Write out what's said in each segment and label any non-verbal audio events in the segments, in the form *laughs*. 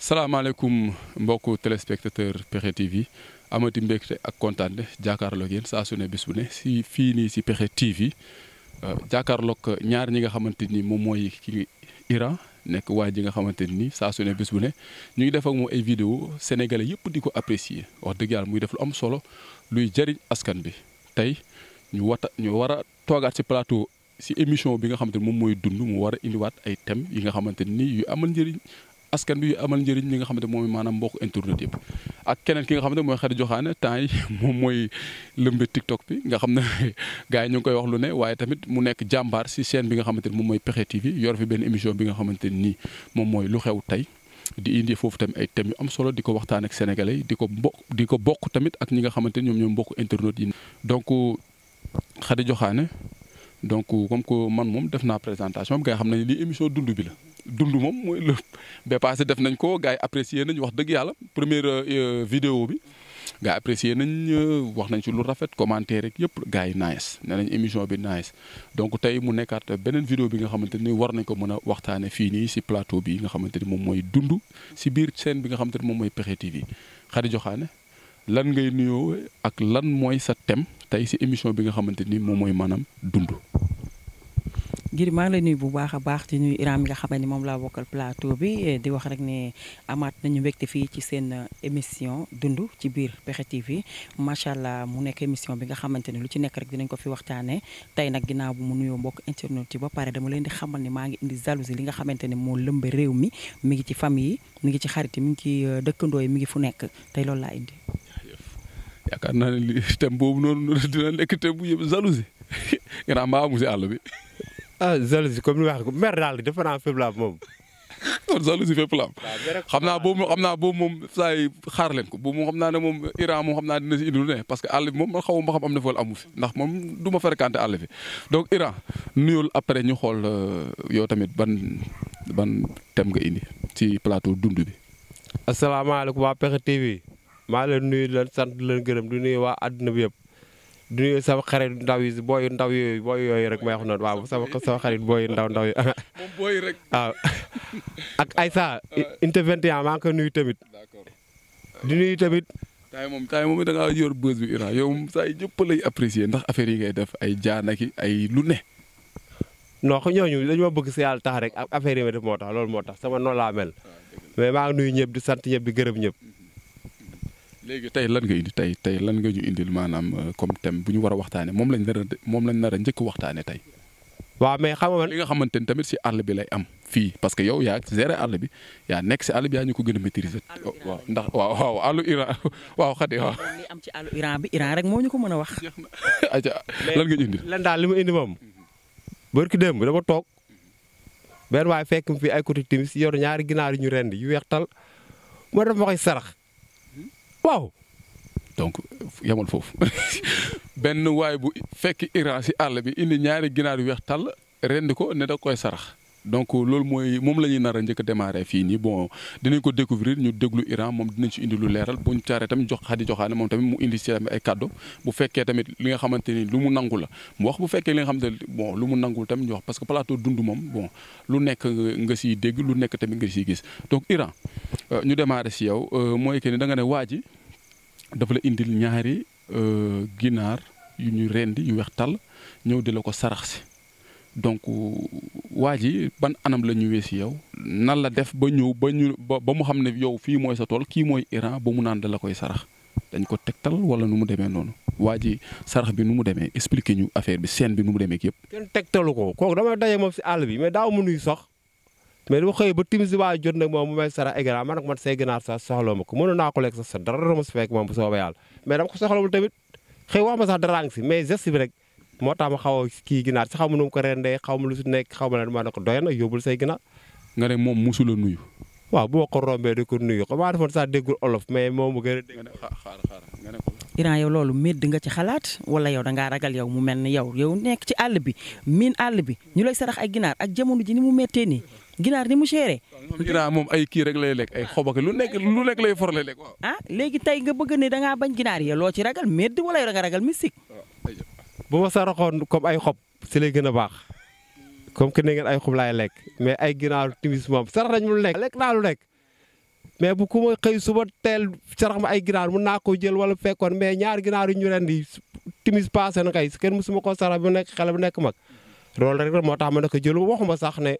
salaamaaleykum mbokku téléspectateur Pexxe TV amati mbégte ak kontaan jàkkaarloog yéen saa su si fii nii si Pexxe TV euh, jàkkaarloog ñaar ñi nga xamante ni moom mooy ki Iran nekk waa ji nga xamante ni saa su ne bis bu ne ñu ngi def ak moom ay vidéo sénégalais yëpp di ko apprécier wax dëgg muy def lu am solo luy jëriñ askan bi tey ñu wata ñu war a toogaat ci plateau. si émission bi nga xamante ni moom mooy dund mu war a indiwaat ay thèmes yi nga xamante ni yu amal njariñ askan bi amal njëriñ li nga xamante moom maanaam mbokk internet yëpp ak keneen ki nga xamante mooy xarit joxaane temps yi *laughs* moom mooy lëmbe TikTok bi nga xam ne *laughs* gars yi ñu koy wax lu ne waaye tamit mu nekk jàmbaar si chaîne bi nga xamante ni moom mooy Pexxe TV yor fi benn émission bi nga xamante nii moom mooy lu xew tey di indi foofu tamit ay thèmes yu am solo di ko waxtaan ak sénégalais di ko bokk di ko bokk tamit ak ñi nga xamante ni ñoom ñoom mbokk internet yi donc xarit joxaane donc comme que man moom def naa présentation bi nga xam ne lii émission dund bi la dundu moom mooy lépp ba passé def nañ ko gars yi apprécier nañ wax dëgg yàlla première euh, vidéo bi gars apprécier nañ euh, wax nañ ci lu rafet commentaire rek yëpp gars yi nice nee nañ émission bi nice donc tey mu nekkaat beneen vidéo bi nga xamante ni war nañ ko mën a waxtaane fii nii si plateau bi nga xamante ni moom mooy dund si biir scène bi nga xamante ni moom mooy Pexxe TV Khady Diokhané lan ngay nuyoo ak lan mooy sa thème tey si émission bi nga xamante ni moom mooy maanaam dund ngir maa ngi lay nuyu bu baax a baax di nuyu Iran mi nga xam ne moom laa bokkal plateau bi eh, di wax rek ne amaat nañu mbégte fii ci seen eh, émission dund ci biir Pexxe TV macha allah mu nekk émission bi nga xamante ne lu ci nekk rek dinañ ko fi waxtaanee tey nag ginnaaw bu mu nuyoo mbokk internet yi ba pare dama leen di xamal ne maa ngi indi jalousie li nga xamante ne moo lëmbe réew mi mi ngi ci famille yi mi ngi ci xarit yi mi ngi ci eh, dëkkandoo yi mi ngi fu nekk tey loolu laa indi. yaakaar *laughs* boobu noonu dina nekk thème bu yëpp jalousie *laughs* Iran mbaa amu si àll bi. ah jalousie comme li waax ko mer daal defe naa fépp la moom. kon *laughs* jalousie fépp la am. xam naa boobu moom saa xaar leen ko boobu moom xam naa ne moom Iran moom xam naa dina si indi lu ne parce que àll bi moom man xaw ma xam am na fa amu fi ndax moom du ma fréquenté àll bi. donc Iran nuyul après ñu xool euh, yow tamit ban ban thème nga indi ci plateau dund bi. asalaamaaleykum waa Pexxe TV maa leen nuyu leen sant la gërëm di nuyu waa àdduna bi yëpp. du nuyu sama xarit ndaw yi booy ndaw yooyu yooyu rek may wax noonu waaw sama sama xarit booy ndaw ndaw yi. *laughs* waaw *laughs* ak Aïssa. unité 21 maa ngi ko nuyu tamit. di nuyu tamit. taay moom taay moom da yor buzz bi yow moom saa yi ñëpp lay apprécier ndax affaire yi ngay def ay jaanaki ay lu ne. non xam ñooñu dañu ma bëgg si yàlla tax rek ak affaire yi ma def moo tax loolu moo tax sama noonu laa mel. Ah, mais maa nuyu ñëpp di sant ñëpp di gërëm ñëpp. Mm-hmm. léegi tey lan nga indi tey tey lan nga ñu indil maanaam euh, comme thème bu ñu war a waxtaanee moom lañ nar a moom lañ nar a njëkk waxtaanee tey. waaw mais xam nga li nga xamante ni tamit si àll bi lay am fii parce que yow yaa géré àll bi a Iran rek moo ñu ko mën a wax. *laughs* lan nga indi. lan daal li ma indi moom. barki démb dama toog benn waay fekk mu fi ay côté timis yor ñaari ginaar yu rend yu weextal moo def ma koy sarax waaw donc yemal foofu *laughs* benn waay bu fekk Iran si àll bi indi ñaari ginaar yu weex tàll rendi ko ne da koy sarax donc loolu mooy moom la ñuy nar a njëkk a fii nii bon dinañ ko découvrir ñu déglu Iran moom dinañ ci indi lu leeral bu ñu caaree tamit jox Xadi Joxaane moom tamit mu indi ci tamit ay kàddu bu fekkee tamit li nga xamante ni lu mu nangu la wax bu fekkee li nga xamante ni lu mu nangul tamit ñu wax parce que plateau dund moom bon lu nekk nga siy dégg lu nekk tamit nga siy gis donc Iran euh, ñu demaare si yow euh, mooy que ni da ne waaj ji dafa la indil ñaari euh, ginaar yu ñu rendi yu weex tàll ñëw di la ko sarax si donc euh, waa ban anam la ñëwee si yow nan la def ba ñëw ba ñu ba mu xam ne yow fii mooy sa tool kii mooy Iran ba mu naan da la koy sarax dañ ko tegtal wala nu mu demee noonu waa ji sarax bi nu mu demee explique ñu affaire bi scène bi nu mu demee ak yëpp. kenn tegtalu mu nuyu sax mais dama xëy ba timis waa jot nag moom mu may sarax ay ganaar man nag man say ganaar sax soxla ma ko mënoon ko lekk sax sa dara dama si fekk moom bu soobee yàlla mais dama ko soxlawul tamit xëy wax ma sax dara ngi si mais geste bi rek moo tax ma xaw a kii ginaar si xaw ma nu ko ko rendee xaw ma lu si nekk xaw ma ne ma ne ko doy na yóbbul say ginaar. nga ne moom musu nuyu. waaw bu ko rombee di ko nuyu xam maa defoon sax déggul olof mais moom mu gën a dégg. xaaral loolu médd nga ci xalaat wala yow da ragal yow mu mel ni yow yow nekk ci àll bi miin àll bi ñu lay sarax ay ginaar ak jamono ji ni mu méttee nii ginaar ni mu seeree. moom ay kii rek lay lekk ay xob ak lu nekk lu nekk lay for lay lekk waaw. ah léegi tey nga bëgg ne da ngaa bañ ginaar yi loo ci ragal médd wala yow da nga ragal mystique. bu ma saraxoon comme ay xob si lay gën a baax comme que ne ngeen ay xob laay lekk mais ay ginaar timis moom sarax nañ mu lekk lekk naa lu lekk mais bu ku ma xëy suba teel sarax ma ay ginaar mun naa koo jël wala fekkoon mais ñaar ginaar yu ñu ren di timis passé na kay kenn musuma koo sarax bu nekk xale bu nekk mag loolu rek moo tax ma ne ko jël waxuma sax ne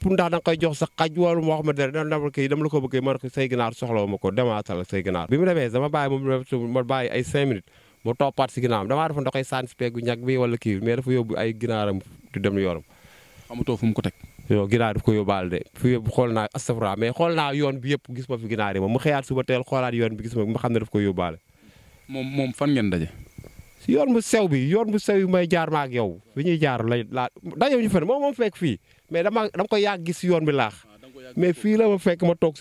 pour ndax da nga koy jox sa xaj wala wax ma dara dama koy dama la ko bëggee ma ne ko say ginaar soxla ma ko demaatal say ginaar bi mu demee sama bàyyi moom ma bàyyi ay 5 minutes mu toppaat si ginnaawam damaa defoon da koy sànni si peggu ñag bi wala kii mais dafa yóbbu ay ginaaram di dem yoram. xamutoo fu mu ko teg. yow ginaar daf ko yóbbaale de fu yóbbu xool naa astafra mais xool naa yoon bi yëpp gis ma fi ginaar yi ma xam ne daf ko yóbbaale. moom fan ngeen daje. si yoon bu sew bi yoon bu sew bi may jaar ma yow fi ñuy jaar la daje ñu fen moom moom fekk fii mais dama ko yàgg gis yoon bi laax ah, mais fii la ma fekk ma toog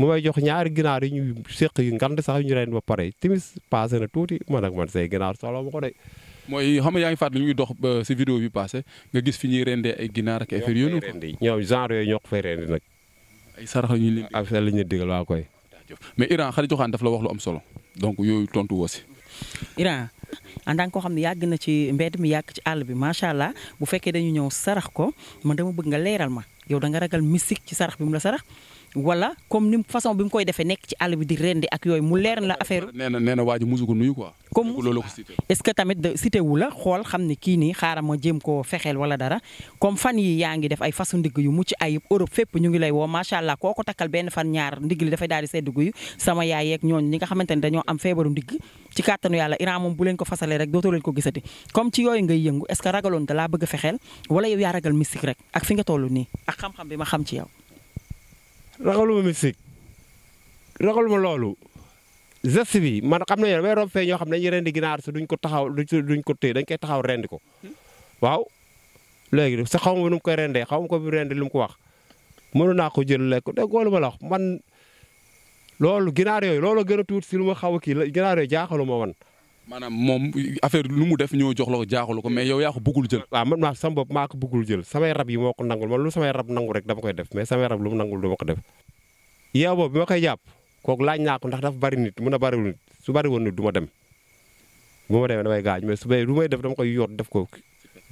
mu may jox ñaari ginaar yi ñu séq yu ngand sax yu ñu leen ba pare timis passé na tuuti man ak man say ginaar soxla ma ko mooy xam yooyu. ñoom genre yooyu ñoo tontu woo Iran en tant koo xam ne yàgg na ci mbedd mi yàgg ci àll bi macha allah bu fekkee dañu ñëw sarax ko man dama bëgg nga leeral ma yow da nga ragal mystique ci sarax bi mu la sarax wala comme ni façon bi mu koy defee nekk ci àll bi di rendi ak yooyu mu leer affaire. nee na nee na waa ji musu ko nuyu quoi. comme loolu ko cité est tamit cité wu la xool xam ne kii nii xaaral ma jéem ko fexeel wala dara comme fan yi yaa ngi def ay façon ndigg yu mucc ay Europe fépp ñu ngi lay woo macha allah koo ko takkal benn fan ñaar ndigg li dafay daal di sedd guyu sama yaay yeeg ñooñu ñi nga xamante ne dañoo am feebaru ndigg ci kàttanu yàlla Iran moom bu leen ko fasalee rek dootoo leen ko gisati comme ci yooyu ngay yëngu est-ce que ragaloon da wala yow yaa ragal ak fi nga toll nii ak bi ma xam ci yow ragaluma mystique ragaluma loolu geste bi man xam nañu damay romb fee ñoo xam ne dañuy rendi ginaar si duñ ko taxaw duñ ko téye dañ koy taxaw rendi ko waaw. léegi sa xaw ma nu mu koy rendee xaw ma ko bi rendi lu mu ko wax mënu naa ko jël lekk de góolu ma la man loolu ginaar yooyu loolu gën a tuut si lu ma xaw kii la ginaar yooyu jaaxaluma wan. maanaam moom affaire lu mu def ñoo jox la ko jaaxul ko mais yow yaa ko bëggul jël. waaw man maa sama bopp maa ko bëggul jël samay rab yi moo ko nangul man lu samay rab nangu rek dama koy def mais samay rab lu mu nangul ko def. yow bi ma koy jàpp kooku laaj naa ndax dafa bari nit mun a bariwul nit su bariwoon nit du ma dem bu ma demee damay gaañ mais su may lu may def dama koy yor def ko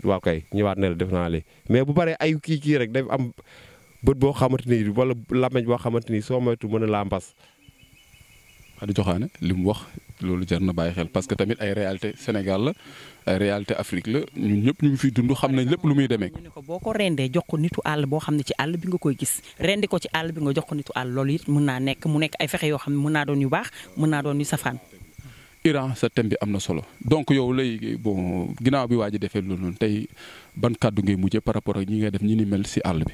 waaw kay ñëwaat ne la def naa lii mais bu baree ay kii kii rek daf am bët boo xamante ni wala làmmeñ boo xamante ni soo moytu mën a laa mbas Khady Diokhané li mu wax loolu jar na bàyyi xel parce que tamit ay réalité Sénégal la ay réalité Afrique la ñun ñëpp ñu ngi fiy dund xam nañ lépp lu muy demee. ñu ne ko boo ko rendee jox ko nitu àll boo xam ne ci àll bi nga koy gis rendi ko ci àll bi nga jox ko nitu àll loolu it mën naa nekk mu nekk ay fexe yoo xam ne mën naa doon yu baax mën naa doon yu safaan. Iran sa thème bi am na solo donc yow lay bon ginnaaw bi waa ji defee loolu noonu tey ban kàddu ngay mujjee par rapport ak ñi ngay def ñi ni mel si àll bi.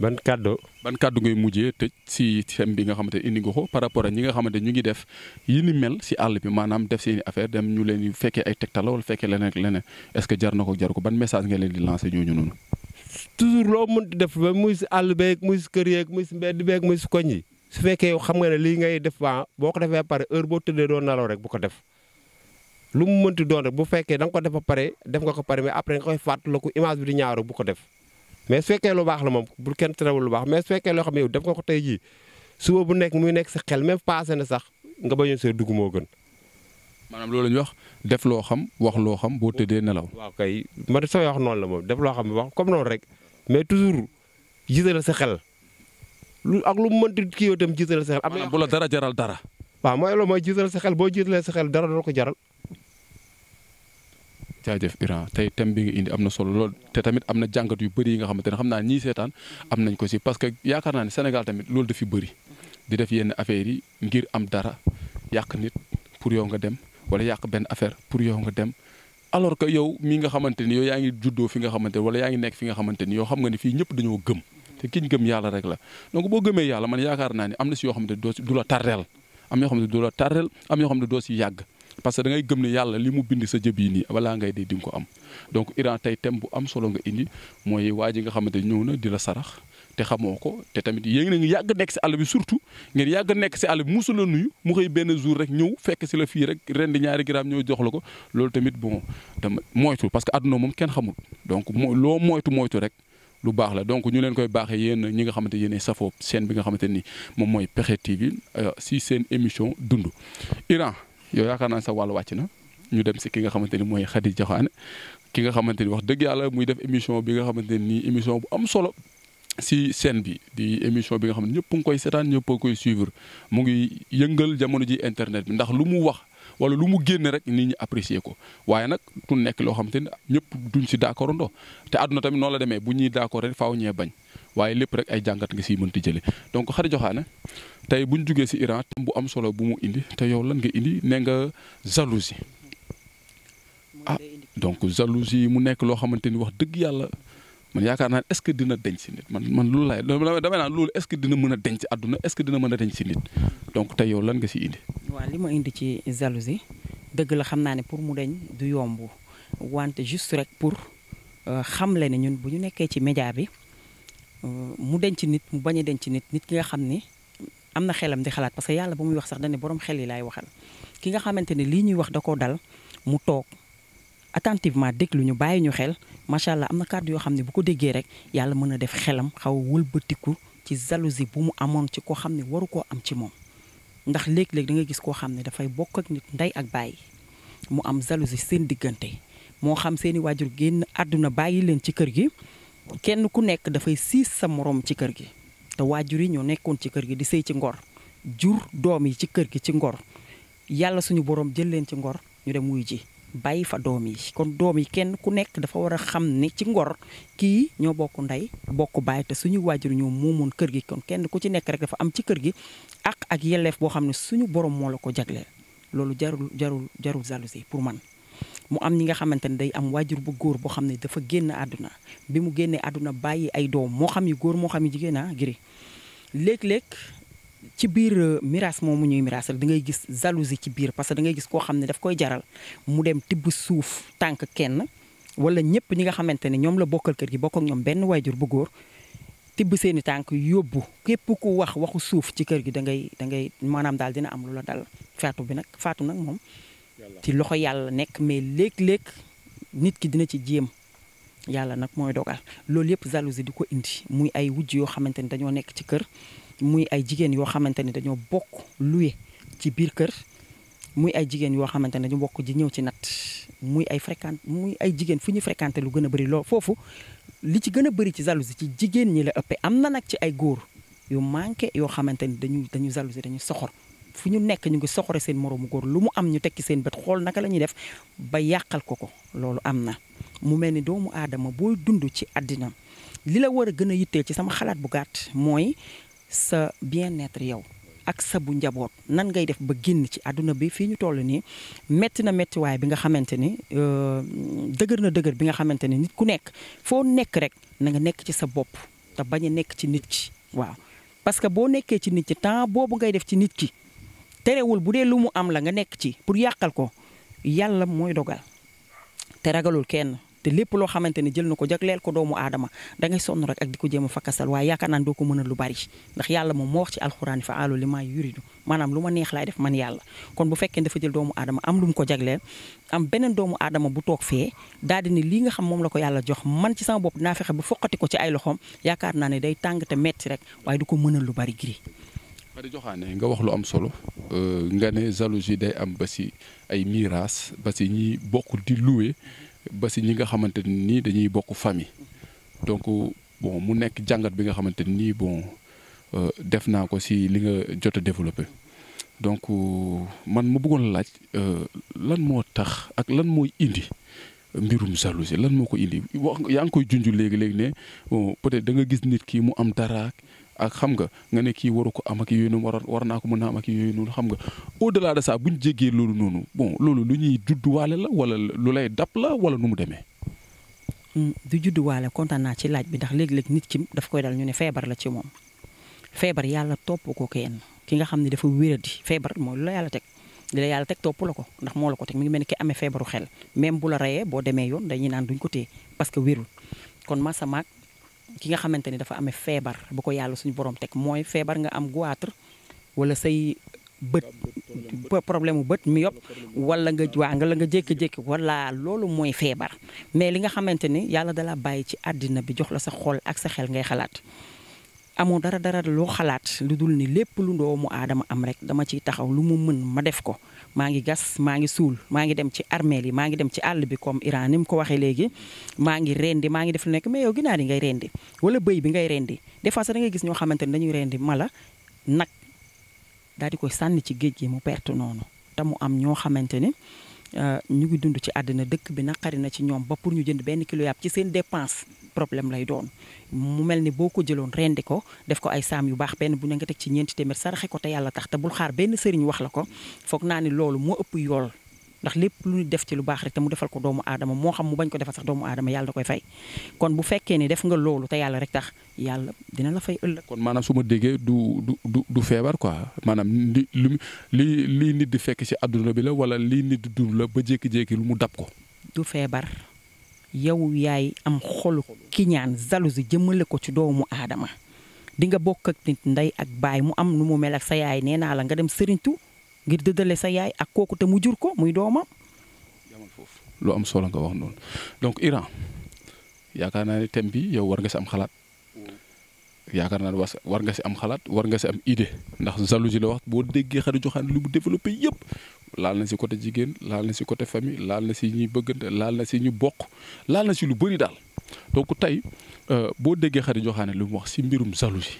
ban kàddu ban kàddu ngay mujjee tëj si thème bi nga xamante indi nga ko par rapport ak ñi nga xamante ñu ngi def yi ni mel si àll bi maanaam def seeni affaire dem ñu leen di fekkee ay tegtal wala fekkee leneen ak leneen est-ce que jar na ko jar ko ban message nga leen di lancer ñooñu noonu. toujours loo mënti def ba muy si àll beeg muy si kër yeeg muy si mbedd beek muy si koñ yi su fekkee xam nga ne lii ngay def ba boo ko defee pare heure boo tëddee doon nalaw rek bu ko def. lu mu mënti doon bu fekkee da ko def ba pare def nga ko pare mais après nga koy fàttaliku di ñaaru bu ko def. mais su fekkee lu baax la moom bu kenn terewul lu baax mais su fekkee loo xam yow def nga ko tey jii suba bu nekk muy nekk sa xel même passé na sax nga bañ a see dugg moo gën. maanaam loolu la ñuy wax def loo xam wax loo xam boo tëddee nelaw. waaw kay man sooy wax noonu la moom def loo xam wax comme noonu rek mais toujours gisal sa xel lu ak lu mu mënti kii yow itam gisal sa am na bu la dara jaral dara. waaw mooy loolu mooy gisal sa xel boo gisalee sa xel dara doo ko jaral. jaajëf Iran tey thème bi nga indi am na solo lool te tamit am na jàngat yu bëri yi nga xamante ne xam naa ñii seetaan am nañ ko si que yaakaar naa ne Sénégal tamit loolu dafi bëri di def yenn affaires yi ngir am dara yàq nit pour yow nga dem wala yàq benn affaire pour yow nga dem alors que yow mii nga xamante ni yow yaa ngi juddoo fi nga xamante ni yaa ngi nekk fi nga xamante ni yow xam nga ni fii ñëpp dañoo gëm te kiñ gëm yàlla rek la donc boo gëmee yàlla man yaakaar naa ne am na si yoo xamante ne doo du la tarreel am yoo xamante du am yoo doo si yàgg parce que da ngay gëm ne yàlla li mu bind sa jëb yi nii balaa ngay dee di ko am donc Iran tey thème bu am solo nga indi mooy waa ji nga xamante ñëw na di la sarax te xamoo ko te tamit yéen a ngi yàgg nekk si àll bi surtout ngeen yàgg nekk si àll bi musu la nuyu mu xëy benn jour rek ñëw fekk si la fii rek ren di ñaari gramme ñëw la ko loolu tamit bon dama moytu parce que àdduna moom kenn xamul donc loo moytu moytu rek. lu baax la donc ñu leen koy baaxee yéen ñi nga xamante yéen safoo seen bi nga xamante ni moom mooy Pexxe TV euh, si seen émission dund Iran yow yaakaar naa sa wàll wàcc na ñu dem si ki nga xamante ni mooy Khady Diakhané ki nga xamante ni wax dëgg yàlla muy def émission bi nga xamante ni émission bu am solo si seen bi di émission bi nga xam ne ñëpp nga koy seetaan ñëpp koy suivre mu ngi yëngal jamono ji internet bi ndax lu mu wax. wala lu mu génne rek nit ñi apprécier ko waaye nag du nekk loo xamante ni ñëpp duñ si d'accord ndoo te àdduna tamit noo la demee bu ñuy d'accord rek faw ñee bañ waaye lépp rek ay jàngat nga siy mënti jëlee donc xari joxaane tey buñ jugee si Iran tam bu am solo bu mu indi te yow lan nga indi ne nga jalousie ah donc jalousie mu nekk loo xamante ni wax dëgg yàlla man yaakaar naa est-ce que dina denc si nit man man loolu laay damay naan loolu est dina mën a denc àdduna est-ce que dina mën a denc si nit donc tey yow lan nga si indi. waaw li ma indi ci jalousie dëgg la xam naa ne pour mu deñ du yomb wante juste rek pour euh, xamle ne ñun bu ñu nekkee ci média bi euh, mu denc nit mu bañ a ci nit nit ki nga xam ni am na xelam di xalaat parce que yàlla ba muy wax sax dañ ne borom xel yi laay waxal ki nga xamante ne lii ñuy wax da koo dal mu toog attentivement déglu ñu bàyyi ñu xel macha allah am na kàddu yoo xam ne bu ko déggee rek yàlla mën a def xelam xaw a wëlbatiku ci jalousie bu mu amoon ci koo xam ne waru koo am ci moom. ndax léegi léeg da nga gis koo xam ne dafay bokk ak nit ndey ak bàyyi mu am jalousie seen diggante moo xam seeni waajur génn àdduna bàyyi leen ci kër gi kenn ku nekk dafay siis sa moroom ci kër gi te waajur yi ñoo nekkoon ci kër gi di sëy ci ngor jur doom yi ci kër gi ci ngor yàlla suñu boroom jël leen ci ngor ñu dem wuy ji bàyyi fa doom yi kon doom yi kenn ku nekk dafa war a xam ni ci ngor kii ñoo bokk ndey bokk baay te suñu waajur moo moomoon kër gi kon kenn ku ci nekk rek dafa am ci kër gi ak ak yelleef boo xam ne suñu borom moo la ko jagleel loolu jarul jarul jarul jalousie pour man mu am ñi nga xamante ne day am waajur bu góor boo xam ne dafa génn àdduna bi mu génnee àdduna bàyyi ay doom moo xam yu góor moo xam yu jigéenaa ah giri léeg-léeg ci biir euh, miraas mu ñuy miraasal da ngay gis jalousie ci biir parce que da ngay gis koo xam ne daf koy jaral mu dem tibb suuf tànk kenn wala ñëpp ñi nga xamante ne ñoom la bokkal kër gi bokk ak ñoom benn waajur bu góor tibb seeni tànk yóbbu képp ku wax waxu suuf ci kër gi da ngay da ngay maanaam daal dina am lu la dal faatu bi nag faatu nag moom ci loxo yàlla nekk mais léeg-léeg nit ki dina ci jéem yàlla nag mooy dogal loolu yëpp jalousie di ko indi muy ay wujj yoo xamante ne dañoo nekk ci kër muy ay jigéen yoo xamante ni dañoo bokk luye ci biir kër muy ay jigéen yoo xamante ne dañu bokk ji ñëw ci nat muy ay fréquente muy ay jigéen fu ñu fréquenté lu gën a bëri loo foofu li ci gën a bëri ci jalousie ci jigéen ñi la ëppee am na nag ci ay góor yu manqué yoo xamante ni dañu dañu jalousie dañu soxor fu ñu nekk ñu ngi soxore seen moroomu góor lu mu am ñu tekki seen bët xool naka la ñuy def ba yàqal ko ko loolu am na mu mel ni doomu aadama booy dund ci àddina li la war a gën a yitteel ci sama xalaat bu gàtt mooy sa bien-être yow ak sa bu njaboot nan ngay def ba génn ci àdduna bi fii ñu toll nii métti na méttiwaay bi nga xamante ni euh, dëgër na dëgër bi nga xamante ni nit ku nekk foo nekk rek na nga nekk ci sa bopp te bañ nekk ci nit ki waaw. parce que boo nekkee ci nit ki temps boobu ngay def ci nit ki terewul bu dee lu mu am la nga nekk ci pour yàqal ko yàlla mooy dogal te ragalul kenn. te lépp loo xamante ni jël na ko jagleel ko doomu aadama dangay sonn rek ak di ko jéem a fakkasal waaye yaakaar naan doo ko mën a lu bari ndax yàlla moo wax ci alxuraan fa alu li maanaam lu ma neex laay def man yàlla kon bu fekkee dafa jël doomu am lu mu ko jagleel am beneen doomu aadama bu toog fee daal di ne lii nga xam moom la ko yàlla jox man ci sama bopp dinaa fexe ba foqati ko ci ay yaakaar naa ne day tàng te metti rek waaye du ko mën a lu bari giri Khady Diokhané nga wax lu am solo euh, nga ne jalousie day am ba si ay miiras ba si ñi bokk di loué basi ñi nga xamante nii dañuy bokk famille donc bon mu nekk jàngat bi nga xamante nii bon euh, def naa ko si li nga jot a développé donc euh, man ma buggoon laaj euh, lan moo tax ak lan mooy indi mbirum jalousie lan moo ko indi wax yaa ngi koy junj léegi léegi ne bon peut-être da nga gis nit ki mu am dara ak xam nga nga ne kii waru ko am ak yooyu noonu war war naa ko mën a am ak yooyu noonu xam nga au delà de ça bu loolu noonu bon loolu lu ñuy judduwaale la wala lu lay dab la wala nu mu demee. Hmm, du judduwaale kontaan naa ci laaj bi ndax léeg-léeg nit ki daf koy dal ñu ne feebar la ci moom feebar yàlla topp ko kenn ki nga xam ne dafa wéradi feebar mooy lu la yàlla teg. li la yàlla teg topp la ko ndax moo la ko teg mi ngi mel ni ki amee feebaru xel même bu la rayee boo demee yoon dañuy naan duñ ko téye parce que wérul ki nga xamante ni dafa amee feebar bu ko yàlla suñu borom teg mooy feebar nga am goitre wala say bët problème mu bët mi yopp wala nga waa nga la nga jékki-jékki loolu mooy feebar mais li nga xamante ni yàlla dalaa bàyyi ci àddina bi jox la sa xol ak sa xel ngay xalaat amoo dara dara loo xalaat lu dul ni lépp lu doomu aadama am rek dama ciy taxaw lu mu mën ma def ko maa ngi gas maa ngi suul maa ngi dem ci armeel yi maa ngi dem ci àll bi comme Iran ni mu ko waxee léegi maa ngi rendi maa ngi def lu nekk mais yow ginaar yi ngay rendi wala bëy bi ngay rendi des fois sax da gis ñoo xamante ne dañuy reendi mala nag daal di koy sànni ci géej gi mu perte noonu te mu am ñoo xamante ni Euh, ñu ngi dund ci àddina dëkk bi naqari na ci ñoom ba pour ñu jënd benn kilo yàpp ci seen dépense problème lay doon mu mel ni boo ko jëloon rendi ko def ko ay saam yu baax benn bu na nga teg ci ñeenti téeméer saraxe ko te yàlla tax te bul xaar benn sëriñ wax la ko foog naa ni loolu moo ëpp yool ndax lépp lu ñu def ci lu baax rek te mu defal ko doomu aadama moo xam mu bañ ko defal sax doomu aadama yàlla da koy fay kon bu fekkee ni def nga loolu te yàlla rek tax yàlla dina la fay ëllëg. kon maanaam su déggee du du du du feebar quoi maanaam li li lii nit di fekk bi la wala lii nit la ba jékki lu mu dab ko. du feebar yow yaay am xolu kiñaan jalousie jëmmale ko ci doomu aadama di nga bokk ak nit ndey ak baay mu am nu mu mel ak sa yaay nee naa la nga dem sëriñtu. ngir dëddale sa yaay ak kooku te mu jur ko muy doomam. foofu lu am solo nga wax noonu donc Iran yaakaar naa ne thème bi yow war nga si am xalaat yaakaar naa ne war nga si am xalaat war nga si am idée ndax jalousie la wax boo déggee xarit joxaan lu mu développé yëpp laal na si côté jigéen laal na si côté famille laal na si ñuy bëggante laal na si ñu boq laal na si lu bëri daal donc tey euh, boo déggee xarit joxaane lu mu wax si mbirum jalousie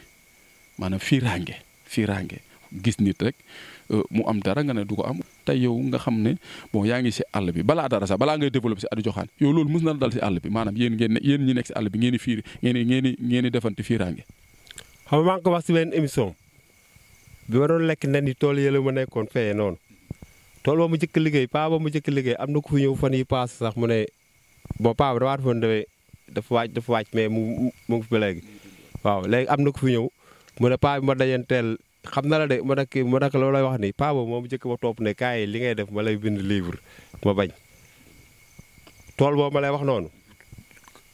maanaam fiiraange fiiraange gis nit rek Euh, mu am dara nga ne du ko am tey yow nga xam ne bon yaa ngi si àll bi balaa dara sax balaa ngay développé si adu joxaan yow loolu mës na dal si àll bi maanaam yéen ngeen ne yéen ñi nekk si àll bi ngeen di fiir ngeen di ngeen di ngeen di defanti fiiraange. xam nga maa ko wax si benn émission bi ma doon lekk nen yi tool yële ma nekkoon feye noonu tool ba mu njëkk liggéey paa mu njëkk liggéey am na ku fi ñëw fan yi paas sax mu ne bon paa ba dafa demee dafa wàcc dafa wàcc mais mu mu ngi fi ba léegi waaw léegi am fi ñëw xam na la de ma dakk ma dakk loolu lay wax ni paa boobu moom njëkk ma topp ne kaay li ngay def ma lay bind livre ma bañ tool boobu ma lay wax noonu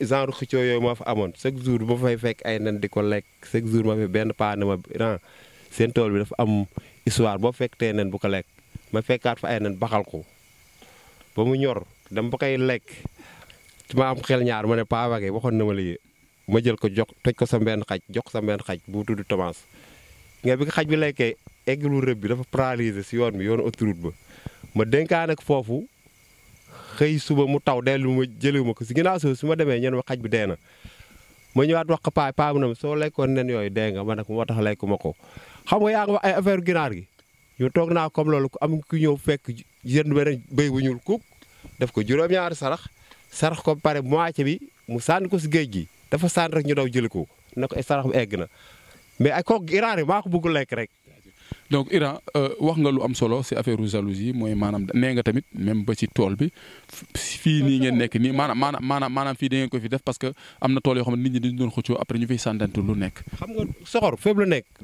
genre xëccoo yooyu moo fa amoon chaque jour ba fay fekk ay nen di ko lekk chaque jour ma fi benn paa ne ma ran seen tool bi dafa am histoire boo fekk tee nen bu ko lekk ma fekkaat fa ay nen baxal ko ba mu ñor dama ba koy lekk ma am xel ñaar ma ne paa wage waxoon na ma lii ma jël ko jox toj ko sa mbenn xaj jox sa mbenn xaj bu tudd Thomas nga bi nga xaj bi lekkee lu rëb bi dafa paralysé si yoon bi yoonu autoroute ba ma dénkaan ak foofu xëy suba mu taw dellu ma jëlee ma ko si ginnaaw suba su ma demee ñen ma xaj bi dee na ma ñëwaat wax ko paa paa soo lekkoon nen yooyu dee nga ma ne ko moo tax lekk ma ko xam nga yaa ngi wax ay affaire ginaar gi ñu toog naa comme loolu ku am ku ñëw fekk jënd beneen béy bu ñuul kuk def ko juróom ñaar sarax sarax ko pare moitié bi mu sànni ko si géej gi dafa sànni rek ñu daw jëli ko ne ko sarax egg na mais ay kooku Iran maa ko bëgg lekk rek. donc Iran euh, wax nga lu am solo si affaire jalousie mooy maanaam nee nga tamit même ba ci tool bi fii nii ngeen nekk nii maanaam maanaam maanaam fii da ngeen ko fi def parce que am na tool yoo xam ne nit ñi dañu doon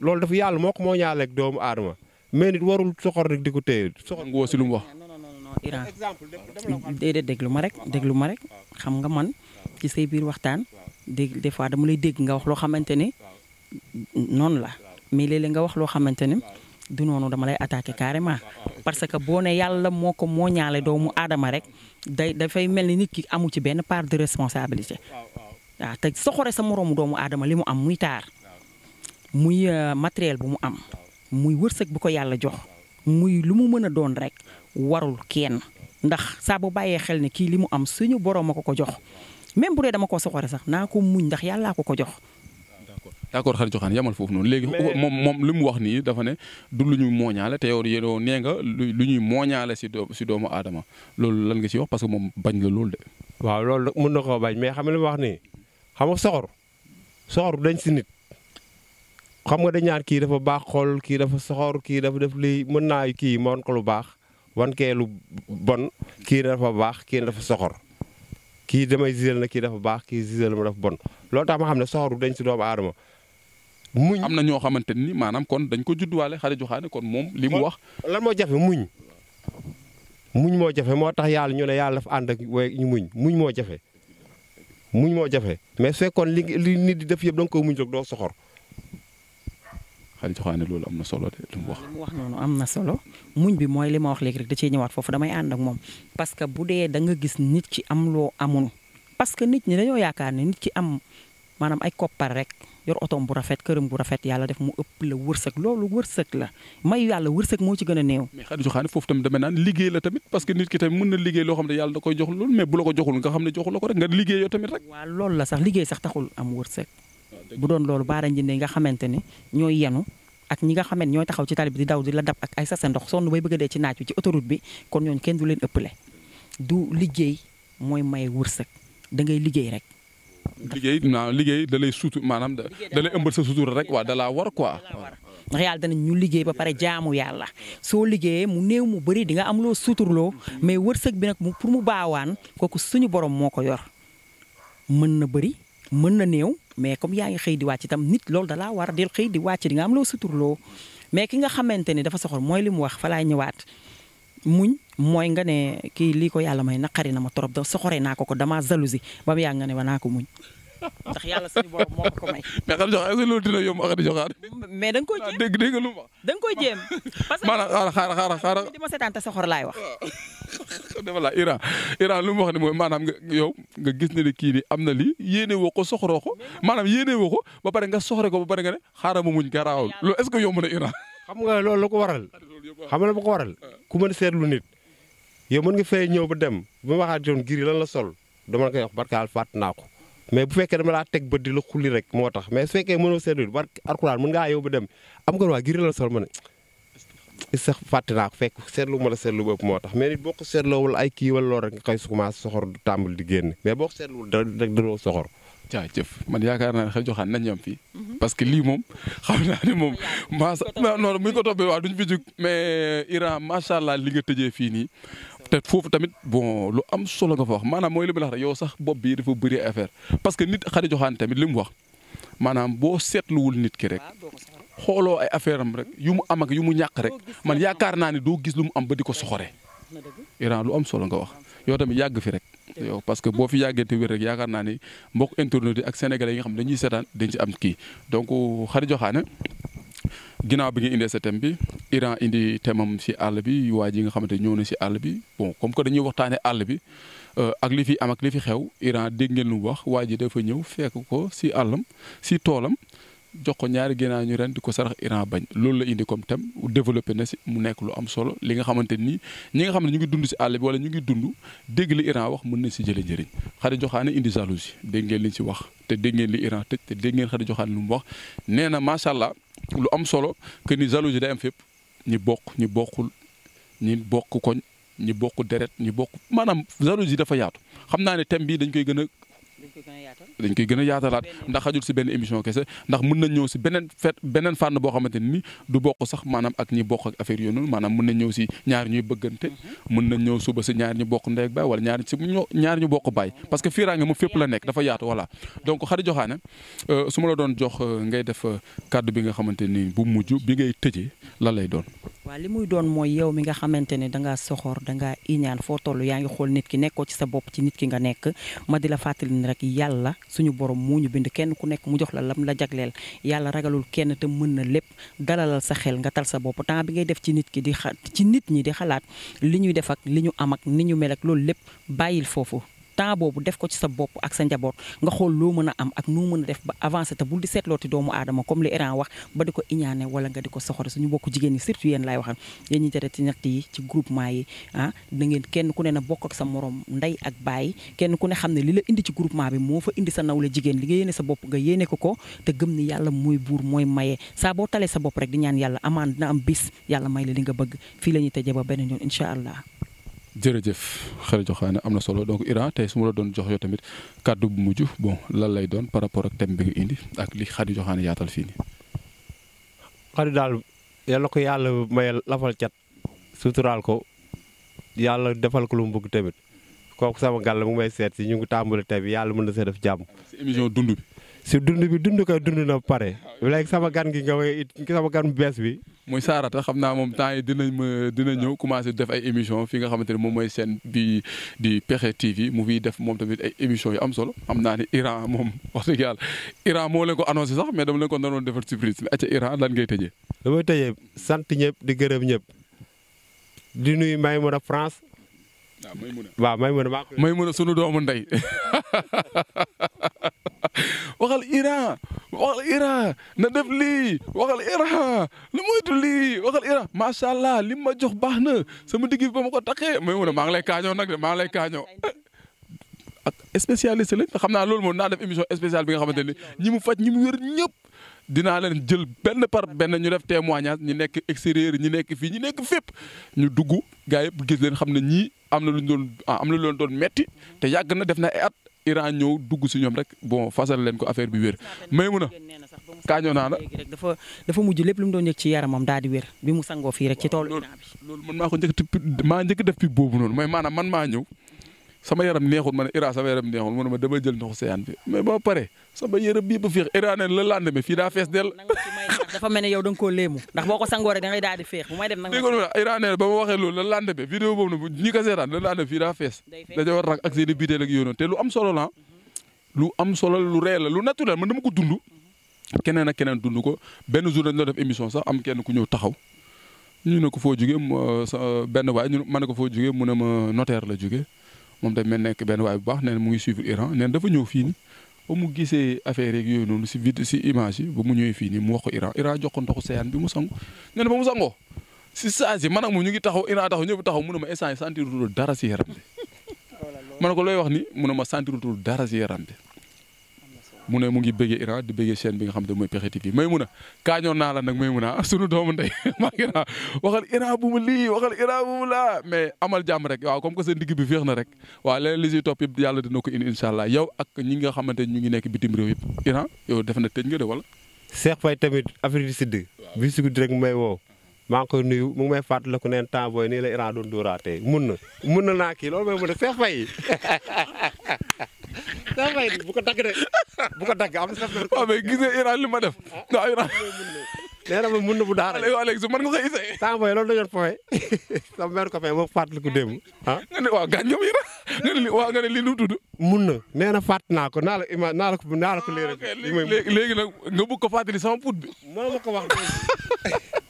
loolu dafa yàlla moo ko moo ñaaleeg doomu aadama mais nit warul soxor rek di ko téye soxor nga woo si lu mu wax. Iran déedéet déglu ma rek déglu ma rek xam nga man ci say biir waxtaan dégg des fois dama lay dégg nga wax loo xamante ne noonu la mais léeg nga wax loo xamante ni du noonu dama lay attaqué carrément parce que boo ne yàlla moo ko moo ñaale doomu aadama rek day dafay mel ni nit ki amu ci benn part de responsabilité waaw te soxore sa moroomu doomu aadama li mu am muy taar muy euh, matériel bu mu am muy wërsëg bu ko yàlla jox muy lu mu mën a doon rek warul kenn ndax saa bu bàyyee xel ne kii li mu am suñu borom a ko ko jox même bu dee dama ko soxore sax naa ko muñ ndax yàllaa ko ko jox d'accord xarit Joxaan yamal foofu noonu léegi moom moom li mu wax nii dafa ne du lu ñuy mooñaale te yow nee nga lu ñuy mooñaale si doo si doomu aadama loolu lan nga si wax parce que moom bañ la loolu de waaw loolu nag mën na koo bañ mais xam nga li mu wax xam nga soxor soxor dañ si nit xam nga dañ kii dafa baax xool kii dafa soxor kii dafa def lii mën naa kii moon ko lu baax wan kee lu bon kii dafa baax kii dafa soxor kii damay gisal na kii dafa baax kii gisal ma daf bon loolu tax ma xam ne soxoru dañ si doomu aadama muñ am na ñoo xamante ni maanaam kon dañ ko judduwaale xare joxaane kon moom li mu wax la moo jafe muñ muñ moo jafe moo tax yàlla ñu ne yàlla dafa ànd ak way ñu muñ muñ moo jafe muñ moo jafe mais su fekkoon li li nit di def yëpp da nga ko muñ doo soxor xare joxaane loolu am na solo de mu wax noonu am na solo muñ bi mooy li ma wax léegi rek da cee ñëwaat foofu damay ànd ak moom parce que bu dee da nga gis nit ki am loo amul parce que nit ñi dañoo yaakaar ne nit ki am maanaam ay koppar rek yor otoom bu rafet këram bu rafet yàlla def mu ëpp la wërsëg loolu wërsëg la may yàlla wërsëg moo ci gën a néew. mais Khady Dioukhane foofu tamit dama naan liggéey la tamit parce que nit ki tamit mën na liggéey loo xam ne yàlla da koy jox loolu mais bu la ko joxul nga xam ne joxul la ko rek nga liggéey yow tamit rek. waaw loolu la sax liggéey sax taxul am wërsëg. Ah, bu doon loolu baara njënde nga xamante ne ñooy yenu ak ñi nga xamante ñooy taxaw ci tali bi di daw di la dab ak ay sase ndox sonn bay bëgg a dee ci naaj bi ci autoroute bi kon ñooñu kenn du leen ëppale du liggéey mooy may wërsëg da ngay liggéey rek liggéey naa liggéey da suutu maanaam da lay sa sutura rek waa dalaa laa war quoi. ndax yàlla danañ ñu liggéey ba pare jaamu yàlla soo liggéeyee mu néew mu bëri di nga am loo suturloo mais wërsëg bi nag mu pour mu baawaan kooku suñu borom moo ko yor mën na bëri mën na néew mais comme yaa ngi xëy di wàcc tam nit loolu dalaa war a del xëy di wàcc di nga am loo suturloo mais ki nga xamante ni dafa soxor mooy li mu wax fa laay ñëwaat muñ mooy nga ne kii lii ko yàlla may naqari na ma trop da soxore naa ko ko damaa jalousie ba mu yàgg nga ne wa naa ko muñ ndax yàlla suñu borom moo ko may. *laughs* mais xam nga loolu dina yomb ak di joxaat. mais da nga koy ah, ma. da nga *laughs* laay wax. *laughs* dafa laa Iran Iran lu mu wax ni mooy maanaam nga yow nga gis ne ne kii nii am na lii yéene woo ko soxoroo ko maanaam yéene woo ko ba pare nga soxore ko ba pare nga ne ma muñ garaawul loolu est-ce que yomb na Iran. xam nga loolu la ko waral xam nga la ko waral ah. ku mën seetlu nit yow mën nga fay ñëw bu dem ba ma waxaat yoon giri lan la sol dama la koy wax barkaal fàtt naa ko mais bu fekkee dama laa teg ba di la xulli rek moo tax mais su fekkee mënoo seetlu nit war arkuraan mën ngaa yow ba dem am nga waa giri lan la sol ma ne sax fàtt naa ko fekk seetlu ma la seetlu bopp moo tax mais boo ko seetloowul ay kii wala loolu rek nga koy commencé soxor du tàmbul di génn mais boo ko seetluwul rek daloo soxor jaajëf man yaakaar naa ne xel joxaan nañ ñam fii. Mhm. parce que lii moom xam naa ne moom. macha allah non bu ñu ko toppee waaw duñ fi jug mais Iran macha allah li nga tëjee fii nii. te foofu tamit bon lu am solo nga fa wax maanaam mooy li mu la yow sax bopp bi dafa bëri affaire parce que nit xel joxaan tamit li mu wax maanaam boo seetluwul nit ki rek. xooloo ay affaire am rek yu mu am ak yu mu ñàkk rek man yaakaar naa ne doo gis lu mu am ba di ko soxore. Iran lu am solo nga wax yow tamit yàgg fi rek. parce que boo fi yàggee te wér rek yaakaar naa ni mbok internet yi ak sénégalais yi nga xam dañuy seetaan dañ ci am kii donc Khady Diokhané ginnaaw bi nga indee sa bi Iran indi thème am si àll bi waa ji nga xamante ñëw na si àll bi bon comme que dañuy waxtaanee àll bi euh, ak li fi am ak li fi xew Iran dégg ngeen lu wax waa ji fa ñëw fekk ko si àllam si toolam jox ko ñaari ginaar ñu ren di ko sarax Iran bañ loolu la indi comme thème développé na si mu nekk lu am solo li nga xamante ni ñi nga xam ne ñu ngi dund si àll bi wala ñu ngi dund dégg li Iran wax mën nañ si jëlee njëriñ Khady Diokhané indi jalousie dégg ngeen liñ si wax te dégg ngeen li Iran tëj te dégg ngeen Khady Diokhané lu mu wax nee na macha allah lu am solo que ni jalousie day am fépp ñi bokk ñi bokkul ñi bokk koñ ñi bokk deret ñi bokk maanaam jalousie dafa yaatu xam naa a dañ koy gën a yaatalaat ndax xajul si benn émission kese ndax mën na ñëw si beneen fet beneen fànn boo xamante ni du bokk sax maanaam ak ñi bokk ak affaire yooyu noonu maanaam mën nañ ñëw si ñaar ñuy bëggante mën mhm. na ñëw suba si ñaar ñu bokk ndey ak baay wala ñaar si ñaar ñu bokk baay mhm. parce que fiiraange moom fépp la nekk dafa yaatu voilà mhm. donc Khady Diokhané euh, su la doon jox euh, ngay def euh, kàddu bi nga xamante nii bu mujj bi ngay tëjee lan lay doon waaw li muy doon mooy yow mi nga xamante ne danga soxoor danga iñaan foo toll yaa ngi xool nit ki nekkoo ci sa bopp ci nit ki nga nekk ma di la fàttali ni rek yàlla suñu borom moo ñu bind kenn ku nekk mu jox la lam la jagleel yàlla ragalul kenn te mën na lépp dalalal sa xel nga tal sa bopp temps bi ngay def ci nit ki di ci nit ñi di xalaat li ñuy def ak li ñu am ak ni ñu mel ak loolu lépp bàyyil foofu temps boobu def ko ci sa bopp ak sa njaboot nga xool loo mën a am ak noo mën a def ba avancé te bul di ti doomu aadama comme li Iran wax ba di ko iñaane wala nga di ko soxore suñu bokk jigéen ñi surtout yéen laay waxal yéen ñi jare ci ñett yi ci groupement yi ah da kenn ku ne na bokk ak sa morom ndey ak baay kenn ku ne xam ne li la indi ci groupement bi moo fa indi sa naw la jigéen li nga yéene sa bopp nga yéene ko ko te gëm ni yàlla muy buur mooy maye saa boo talee sa bopp rek di ñaan yàlla amaan dina am bis yàlla may la li nga bëgg fii la ñuy tëjee ba beneen yoon incha allah jërëjëf xëy joxaane am na solo donc Iran tey su ma la doon jox yow tamit kàddu bu mujj bon lan lay doon par rapport ak thème bi nga indi ak li xadi joxaane yaatal fii nii. xadi daal yal ko yàlla may lafal cat suturaal ko yàlla defal ko lu mu bëgg tamit kooku sama gàll mu may seet si ñu ngi tàmbali tey bi yàlla mën na see def jàmm. si émission dund bi. si dund bi dund ko dund na pare léegi sama gan gi nga way sama gan bees bi. muy Sarata xam naa moom temps yi dinañ ma ñëw commencé def ay émission fi nga xamante ne moom mooy seen bi di Pexxe TV mu fiy def moom tamit ay émission yu am solo xam naa ne Iran moom *laughs* wax dëgg yàlla Iran moo ko annoncé sax mais dama leen ko naroon defal surprise mais acca Iran lan ngay tëjee. damay tëjee sant ñëpp di gërëm ñëpp di nuyu Maïmouna France. waaw Maïmouna waaw Maïmouna. Maïmouna sunu doomu ndey. *laughs* waxal Iran waxal Iran na def lii waxal Iran lu moytu lii waxal Iran macha allah lim ma jox baax na sama digg ba ma ko taxee may mu ne maa ngi lay kaañoo nag de maa ngi lay kaañoo ak spécialiste lañ xam naa loolu moom naa def émission spéciale bi nga xamante ni ñi mu faj ñi mu wér ñëpp dinaa leen jël benn par benn ñu def témoignage ñu nekk extérieur ñu nekk fii ñu nekk fépp ñu dugg gaa yëpp gis leen xam na ñii am na lu ñu doon ah, am na lu doon metti te yàgg na def na ay at Iran ñëw dugg si ñoom rek bon fasal leen ko affaire bi wér may mun a kaañoo naa dafa mujj lépp lu mu doon yëg ci yaramam daal di wér bi mu sangoo fii rek ci toolu Iran bi. loolu man maa ko njëkk def pi boobu noonu mooy maanaam man maa ñëw sama yaram neexul ma ne Iran sama yaram neexul ma ne ma dama jël ndoxu séyaan bi mais boo pare sama yaram bii ba féex Iran ne la lendemain fii daa fees dell. dafa mel ne yow da nga koo ndax boo ko sangooree da ngay daal di féex bu may dem nag. dégg nga Iranais ba ma waxee loolu lan laan demee vidéo boobu nag ñi ko seetaan lan laan dem fii daa fees. dañoo war nag ak seen i biteel ak yoonoon te lu am solo la lu am solo lu réel la lu naturel man dama ko dund. keneen ak keneen dund ko benn jour no def émission sax am kenn ku ñëw taxaw ñu ne ko foo jugee euh, euh, benn waay ñu ma ne ko foo jugee mu ne ma notaire la jugee moom tamit ma nekk benn waay bu baax nee na mu ngi suivre Iran nee na dafa ñëw fii nii ba mu gisee affaire yeeg yooyu noonu si vidéo si image yi ba mu ñëwee fii nii mu wax ko Iran Iran jox ko ndoxu seyaan bi mu sangu nee na ba mu sangoo si saa si man ak moom ñu ngi taxaw Iran taxaw ñëpp taxaw mu ne ma instant yii sentir dara si yaram bi. *laughs* Oh ma ne ko looy wax ni mu ne ma sentir dara si yaram bi. mun ne mu ngi bëggee Iran di bëggee chaîne bi nga xam ne mooy Pexxe TV Maymuna la nag Maymuna ah sunu doomu ndey *laughs* maa ngi naa amal jàmm rek waaw comme que sa bi féex na rek waaw leneen li siy topp ko indi incha allah yow ak ñi nga xamante ñu ngi nekk bitim réew yëpp na tëj nga de wala. Cheikh Faye tamit Afrique du Sud. waaw bi may maa ngi koy nuyu mu ngi may fàttaliku neen temps booy la Iran doon dóoraatee mun na mun na naa kii loolu mooy mun a Cheikh Faye *laughs* sama bu ko dagg de bu ko dagg am na. waaw li ma def. waaw ah. Iran. nee na ma mun na bu daara léegi waa léegi su mën nga koy essayé. temps booy loolu la ñu doon fooy sama mère ko fay ma fàttaliku démb. ah nga ne waaw gaañ ñoom Iran nga li waaw nga ne lii nu tudd. mun na nee na fàttali naa ko naa la ima naa la ko naa la ko ah, léegi nag nga bëgg ko fàttali sama put bi. moo ma ko wax *laughs*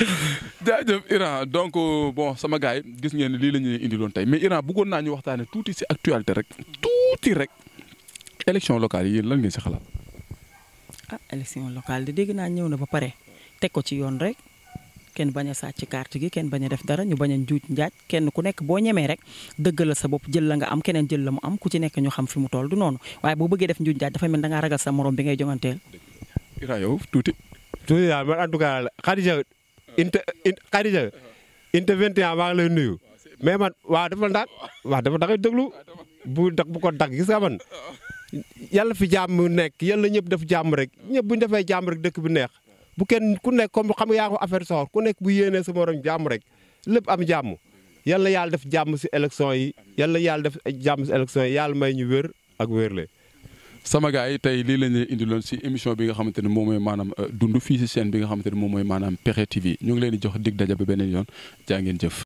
*laughs* jaajëf Iran donc euh, bon sama gars yi gis ngeen ne lii la ñuy indiloon tey mais Iran bëggoon naa ñu waxtaane tuuti si actualité rek tuuti rek élection locale yi yéen lan ngeen si xalaat. ah élection locale de dégg naa ñëw na ba pare teg ko ci yoon rek kenn bañ a ci carte gi kenn bañ def dara ñu bañ a njuuj njaaj kenn ku nekk boo ñemee rek dëggal sa bopp jël la nga am keneen jël la mu am ku ci nekk ñu xam fi mu toll du noonu waaye boo bëggee def njuuj njaaj dafa mel da ngaa ragal sa morom ngay jonganteel. Iran inte Khadija uh-huh. inte 21 maa ngi lay nuyu mais man waaw dafa ndax waaw dafa dangay déglu bu dag bu ko dag gis nga man uh-huh. yàlla fi jàmm nekk yalla ñëpp def jàmm rek uh-huh. ñëpp bu ñu defee jàmm rek dëkk bi neex bu kenn ku nekk comme xam yaa ko affaire soxor ku nekk bu yéenee sa morom jàmm rek lépp am jàmm yàlla yàlla def jàmm si élection yi yàlla yàlla def jàmm si élection yi yàlla may ñu wér ak wér le sama gars yi tey lii la ñu indiloon si émission bi nga xamante ne moom mooy maanaam euh, dund fii si chaîne bi nga xamante ne moom mooy maanaam Pexxe TV ñu ngi leen di jox dig daja ba beneen yoon jaa ngeen jëf.